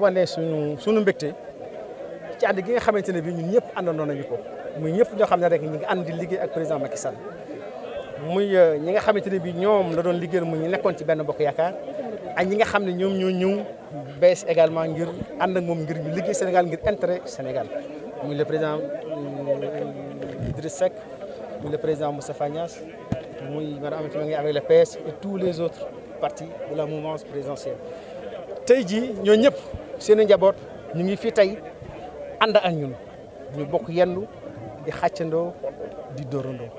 wane suñu suñu mbégte ci ànd gi nga xamante ne bi ñu ñëpp àndandoo nañu ko muy ñëpp ñoo xam ne rek ñi ngi ànd di liggéey ak président muy euh, ñi nga xamante ne bi ñoom la doon liggéeyal mu ñu nekkoon ci benn bokk yaakaar ak ñi nga xam ne ñoom ñoo ñëw bees également ngir ànd ak moom ngir ñu liggéey Sénégal ngir intérêt Sénégal muy le président euh, Idriss Seck muy le président Moustapha Niass muy madame Aminata Mbengue avec le PS et tous les autres partis de la mouvance présidentielle tey jii ñoo ñëpp seen i njaboot ñu ngi fi tey ànd ak ñun ñu bokk yendu di xàccandoo di dóorandoo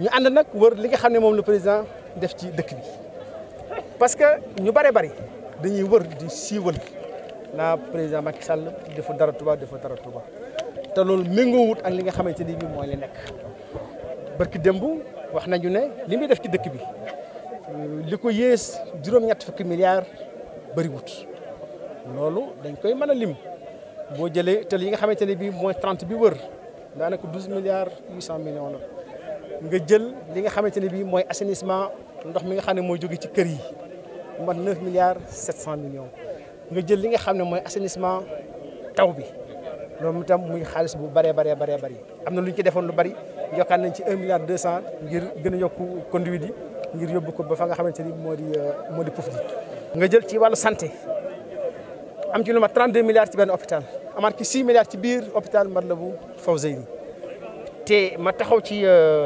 ñu ànd nag wër li nga xam ne moom le président def ci dëkk bi parce que ñu bare bari dañuy wër di siiwal naa président Macky Sall dafa dara Touba dafa dara Touba te loolu wut ak li nga xamante ni bi moo li nekk barki démb wax nañu ne li muy def ci dëkk bi li ko yées juróom-ñett fukki milliards bëriwut loolu dañ koy mën a lim boo jëlee tël yi nga xamante ne bii mooy 30 bi wër daanaka 12 milliards 800 millions la nga jël li nga xamante ne bii mooy assainissement ndox mi nga xam ne mooy jóge ci kër yi mat 9 milliards 700 millions nga jël li nga xam ne mooy assainissement taw bi loolu itam muy xaalis bu bëree bëree bëree bëri am na lu ñu ci defoon lu bari yokkaan nañ ci 1 milliard 200 ngir gën a yokku conduite ngir yóbbu ko ba fa nga xamante ni moo di euh, moo di Pouf di nga jël ci wàllu santé am ci lu mat 32 milliards ci benn hôpital amaat ci 6 milliards ci biir hôpital Matlaboul Fawzeyni te ma taxaw ci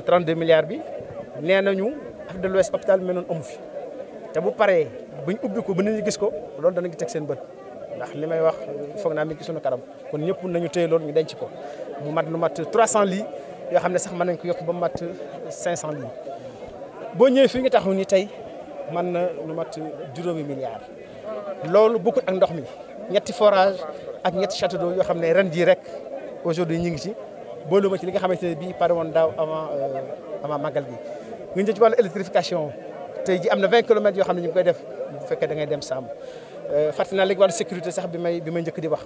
32 euh, milliards bi nee nañu Afrique de l'Ouest hôpital mel amu fi te bu paree buñ ubbi ko ba nit ñi gis ko loolu danañ teg seen bët ndax li may wax foog naa mi gis suñu kanam kon ñëpp na ñu téye lool ñu denc ko mu mat lu mat 300 lits yoo xam ne sax mën nañ ko yokk ba mu mat 500 lits boo ñëwee fi nga taxaw ni tey man na lu mat juróomi milliards. loolu bokkut ak ndox mi ñetti forage ak ñetti château d'eau yoo xam ne ren jii rek aujourd'hui ñu ngi ci boolu ma ci li nga xamante ne bii pare woon daaw avant euh, avant màggal gi nga ñëw ci wàllu électrification tey ji am na 20 kilomètres yoo xam ne ñu koy def bu fekkee da ngay dem sàmm euh, fàtte naa léegi wàllu sécurité sax bi may bi may njëkk di wax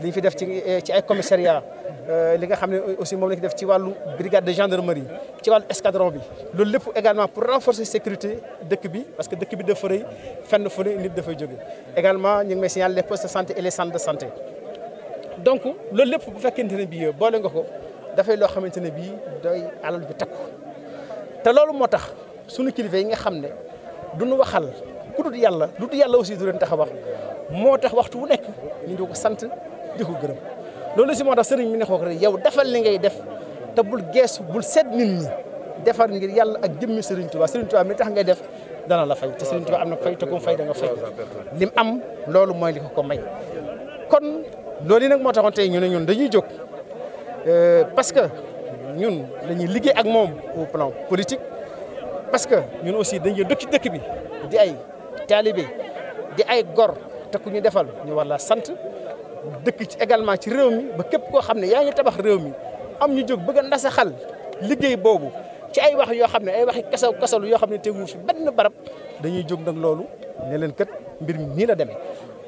li fi def ci eh, ci ay commissariat euh, li nga xam ne aussi moom la ñu def ci wàllu brigade de gendarmerie ci wàllu escadron bi loolu lépp également pour renforcer sécurité dëkk bi parce que dëkk bi dafa rëy fenn fu ne dafay jóge également ñu ngi may signaler les les centres de santé donc loolu lépp bu fekkente ne bii boole nga ko dafay loo xamante ne bii doy alal bi takku te loolu moo tax sunu kilifa yi nga xam ne du nu waxal ku dul yàlla lu dul yàlla aussi du leen tax a wax moo tax waxtu wu nekk ñu ngi sant di ko gërëm loolu si moo tax sëriñ bi ne ko rek yow defal li ngay def te bul geesu bul seet nit ñi defar ngir yàlla ak jëmmi sëriñ Tuubaa sëriñ Tuubaa mi tax ngay def dana la fay te sëriñ Tuubaa am na ko fay te ku mu fay da lim am loolu mooy li ko ko may kon loolu yi nag moo taxoon te ñu ne ñun dañuy jóg euh, parce que ñun dañuy liggéey ak moom au plan politique parce que ñun aussi dañuy dëkk dëkk bi di ay taalibe di ay gor te ku ñu defal ñu war sant dëkk ci également ci réew mi ba képp koo xam ne yaa ngi tabax réew mi am ñu jóg bëgg a ndasaxal liggéey boobu ci ay wax yoo xam ne ay waxi kasaw kasaw yoo xam ne tegu fi na barab dañuy jóg nag loolu ne leen kat mbir mi nii la demee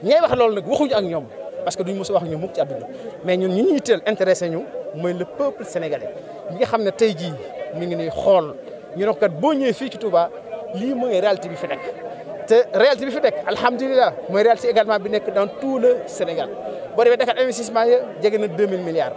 ñay wax loolu nag waxuñu ak ñoom parce que duñ mos a wax ñu mukk ci àdduna mais ñun ñu ñuy teel intéressé ñu mooy le peuple sénégalais ñi nga xam ne tey jii mi ngi nii xool ñu ne kat boo ñëwee fii ci Touba lii mooy réalité bi fi nekk te réalité bi fi nekk alhamdulilah mooy réalité également bi nekk dans tout le Sénégal boo demee Dakar investissement ya jege na 2000 milliards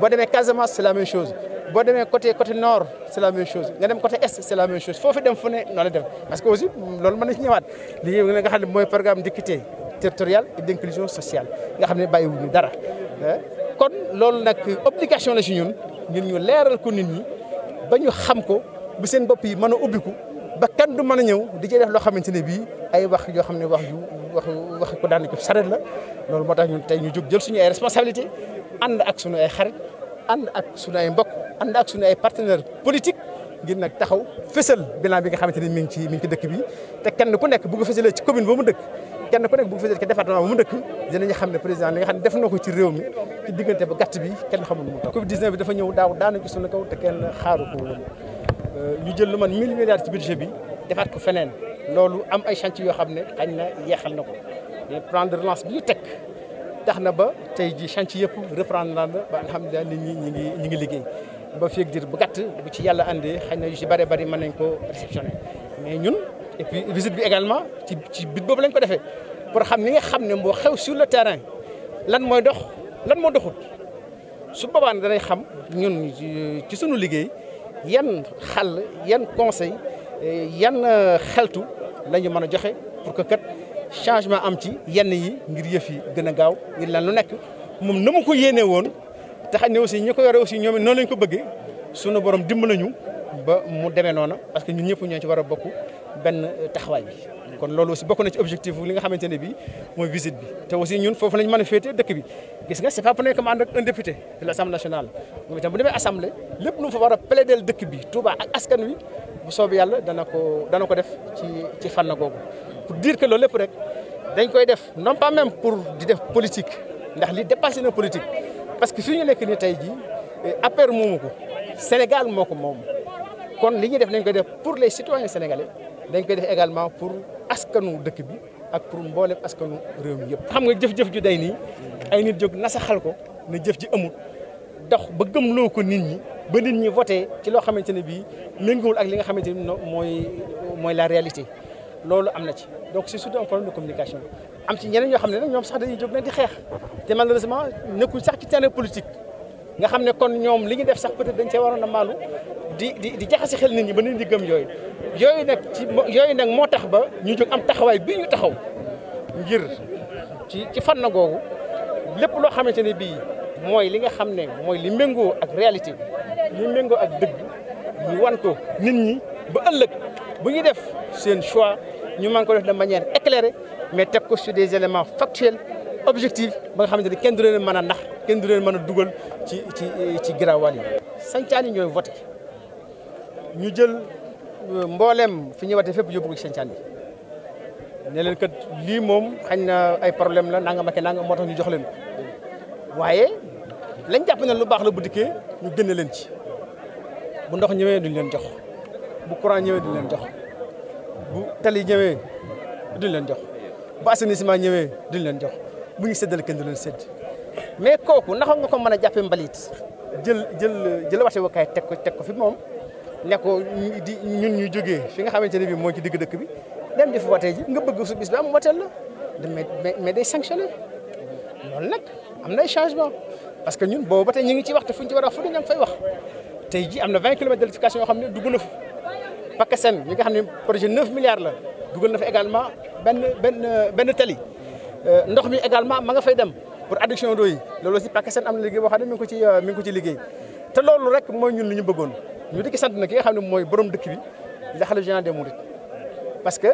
boo demee Casamance c' est la même chose boo demee côté côté nord c' est la même chose nga dem côté est c' la même chose foofu dem fu ne noonu la dem parce que aussi loolu mën na ci ñëwaat li nga xam ne mooy programme d' équité territoriale et sociale nga xam ne bàyyiwuñu dara eh? kon loolu nag obligation la si ñun ngir ñu leeral ko nit ñi ba ñu xam ko bu seen bopp yi mën a ubbiku ba kenn du mën a ñëw di ci def loo xamante ne bii ay wax yoo xam ne wax yu waxu waxi ko daan ko saret la loolu moo tax ñun tey ñu jóg jël suñu ay responsabilité ànd ak suñu ay xarit ànd ak suñu ay mbokk ànd ak suñu ay partenaire politique ngir nag taxaw fësal bilan bi nga xamante ni mi ci ci dëkk bi te kenn ku nekk bu ko fësalee commune ba mu dëkk kenn ku nekk bu ko xam ne président li nga xam ne def na ko ci réew mi ci diggante ba gàtt bi kenn xamul mu taw Covid 19 bi dafa ñëw daaw daanañ ko suñu kaw te kenn xaaru ko woon euh, ñu jël lu man 1000 milliards ci budget bi defaat ko feneen loolu am ay chantier yoo xam ne xañ na yeexal na ko mais plan de relance bi ñu teg tax na ba tey ji chantier yëpp reprendre na ba alhamdulilah ni ñi ñi ngi ñi ngi liggéey ba feeg diir bu gàtt bu ci yàlla andee xañ na yu ci bëree bëri mën nañ ko réceptionné mais ñun et bi également ci ci bit boobu lañ ko defee pour xam ni nga xam ne moo xew sur le terrain lan mooy dox lan moo doxut su boobaa ne danay xam ñun ci sunu liggéey yan xal yan conseil eh, yan euh, xeltu la ñu mën a joxe pour que kat changement am ci yenn yi ngir yëf yi gën a gaaw ngir lan lu nekk moom na mu ko yéenee woon te xam ne aussi ñi ko yore aussi ñoom it noonu lañ ko bëggee sunu borom dimbali nañu ba mu demee noona parce que ñun ñëpp ñoo ci war a bokk benn taxawaay bi. kon loolu aussi bokk na ci objectif li nga xamante ne bii mooy visite bi te aussi ñun foofu lañ mën a féetee dëkk bi gis nga c'est pas pour ne comme ànd ak un député de l'Assemblée nationale moom itam bu demee assemblée lépp lu mu fa war a plaider dëkk bi Touba ak askan wi bu soobee yàlla dana ko dana ko def ci ci fànn googu pour dire que loolu lépp rek dañ koy def non pas même pour di def politique ndax li dépasé na politique parce que fi ñu nekk ni tey jii eh, APR moomu ko Sénégal moo ko moom kon li ñuy def nañ koy def pour les citoyens sénégalais dañ koy def également pour askanu dëkk bi ak pour mboolem askanu réew mi yëpp. xam nga jëf-jëf ju day nii ay nit jóg nasaxal ko ne jëf ji amul. dox ba gëmloo ko nit ñi ba nit ñi voté ci loo xamante ne bii méngoowul ak li nga xamante ne mooy mooy la réalité loolu am na ci donc si surtout un problème de communication am ci ñeneen ñoo xam ne nag ñoom sax dañuy jóg nag di xeex te malheureusement nekkul sax ci teneen politique nga xam ne kon ñoom li ñu def sax peut-être dañ see waroon na maalu di di di si xel nit ñi ba nit ñi gëm yooyu yooyu nag yooyu nag moo tax ba ñu jóg am taxawaay bi ñu taxaw ngir ci ci na googu lépp loo xamante ne bii mooy li nga xam ne mooy li méngoo ak réalité li méngoo ak dëgg ñu wan ko nit ñi ba ëllëg bu ñu def seen choix ñu mën ko def de manière éclairée mais teg ko sur des éléments factuels objectifs ba nga xamante ne kenn du leen mën a nax kenn du leen mën a dugal ci ci ci giraawal yi. sancaani ñooy voté ñu jël euh, mboolem fi ñuy wote fépp yóbbu ko ci sancaani ne leen kat lii moom xañ na ay problème la nangam ak nangam moo tax ñu jox leen waaye la jàpp ne lu baax la bu dikkee ñu génne leen ci bu ndox ñëwee duñ leen jox bu courant ñëwee duñ leen jox bu tali ñëwee duñ leen jox bu assainissement ñëwee duñ leen jox bu ñu séddale kenn du leen sédd mais kooku ndax nga ko mën a jàppee mbalit jël jël jël wate wakaay teg ko teg ko fi moom ne ko di ñun ñu jógee fi nga xamante ne bii moo ci digg dëkk bi dem nga bëgg su bis bi am wateel la mais mais day sanctionné loolu nag am na ay parce que ñun boobu ba tey ñu ngi ciy wax te fu ñu ci war a wax wax tey jii am na 20 kilomètres d'électrification yoo xam ne dugg na fa PACASEN ñi nga xam ne projet 9 milliards la dugal na fa également benn benn benn tali euh, ndox mi également ma nga fay dem pour adduction d'eau yi loolu aussi PACASEN am na liggéey boo xam ne mi ngi ko ci euh, mi ngi ko liggéey te loolu rek mooy ñun li ñu bëggoon ñu di ki sant na ki nga xam ne mooy borom dëkk bi la xalif général des parce que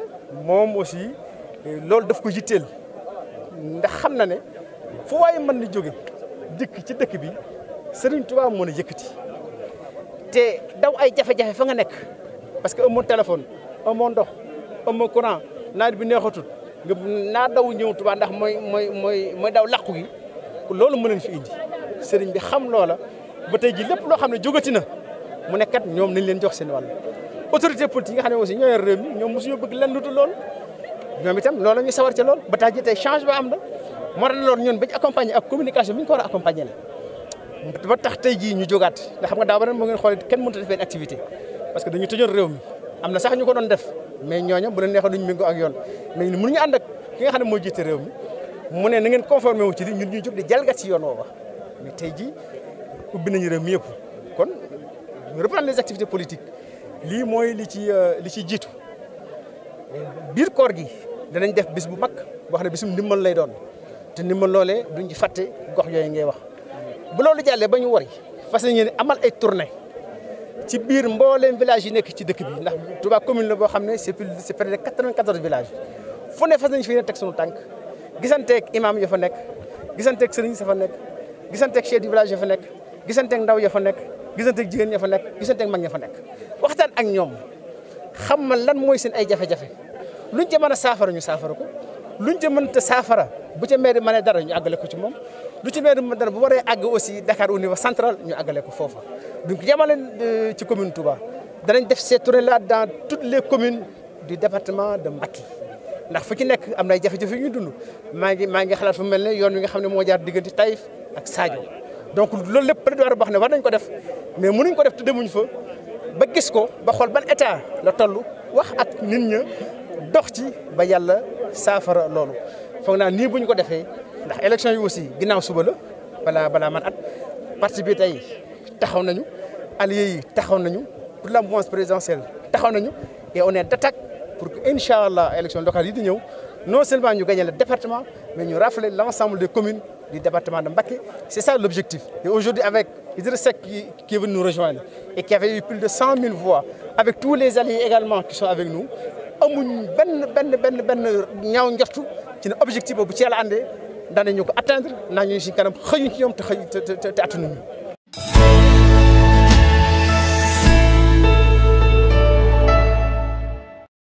moom aussi euh, loolu daf ko yitteel ndax xam na ne fu waaye mën ni jóge dikk ci dëkk bi Serigne Touba moo la yëkkati te daw ay jafe-jafe fa nga nekk parce que amoo téléphone amoo ndox amoo courant nawet bi neexatul nga naa daw ñëw Touba ndax mooy mooy mooy daw làqu gi loolu mën leen su indi Serigne bi xam loola ba te ji lépp loo xam ne jógati na mu ne kat ñoom nañ leen jox seen wàll autorité politique yi nga xam ne aussi ñoo yor réew mi ñoom mosuñu bëgg lenn lu dul loolu ñoom itam loolu ñu sawar ca lool ba tax ji tey changement am na. moo tax loolu ñun bañ accompagner ak communication a accompagner la ba tax tey jii ñu jógaat ndax xam nga daaw ba ren mu kenn mënut a def benn activité parce que dañu tëjoon réew mi am na sax ñu ko doon def mais ñooñu bu leen neexoon duñ méngoo ak yoon mais mënuñu ànd ak ne moo jiite réew mi mu ne na ngeen conformé wu ci li ñu ñuy jóg di jalgat si yoon woowa mais tey jii ubbi nañu réew mi yëpp kon ñu reprendre les activités politiques lii mooy li ci euh, li ci jiitu biir koor gi danañ def bis bu mag boo xam ne bisum ndimbal lay doon te ni ma loolee duñ ci fàtte gox yooyu ngay wax bu loolu jàllee ba ñu wari fas yéene amal ay tournée ci biir mbooleem village yi nekk ci dëkk bi ndax tubaa commune la boo xam ne c'est plus c'est près de 94 villages fu ne fas nañ fi ne teg sunu tànk gisanteeg imam ya fa nekk gisanteeg sëriñ sa fa nekk gisanteeg chef du village ya fa nekk gisanteek ndaw ya fa nekk gisanteeg jigéen ya fa nekk gisanteeg mag ya fa nekk waxtaan ak ñoom xam ma lan mooy seen ay jafe-jafe luñ ca mën a saafara ñu saafara ko luñ ca mënta saafara bu ca mairie mënee dara ñu àggale ko ci moom lu ci mairie mën dara bu waree àgg aussi Dakar au niveau central ñu àggale ko foofa donc yemale euh, ci commune Touba danañ def ces tournées là dans les communes du département de Mbacké ndax fu ci nekk am na ay jafe-jafe ñu dund maa ngi maa ngi xalaat fu mel ne yoon wi nga xam ne moo jaar diggante Taïf ak Sadio donc loolu lépp prévoir boo xam ne war nañ ko def mais mënuñ ko def tu dem demuñ fa ba gis ko ba xool ban état la toll wax ak nit ña dox ci ba saafara loolu foog naa nii bu ñu ko defee ndax élection yi aussi ginnaaw suba la balaa balaa man at parti bi tey taxaw nañu alliés yi taxaw na ñu la mouvance présidentielle taxaw na ñu on est d'attaque pour que incha allah élection locale yi di ñëw non seulement ñu gagner la département mais ñu rafler l'ensemble des communes du département de Mbacké c'est ça l'objectif et aujourd'hui avec Idrissa Seck qui, qui est venu nous rejoindre et qui avec tous les alliés également qui sont amuñ benn benn benn benn ñaaw njortu ci ne objectif boobu ci yàlla àndee danañu ko atteindre naa ñu si kanam xëyuñ ci ñoom te xëy te te te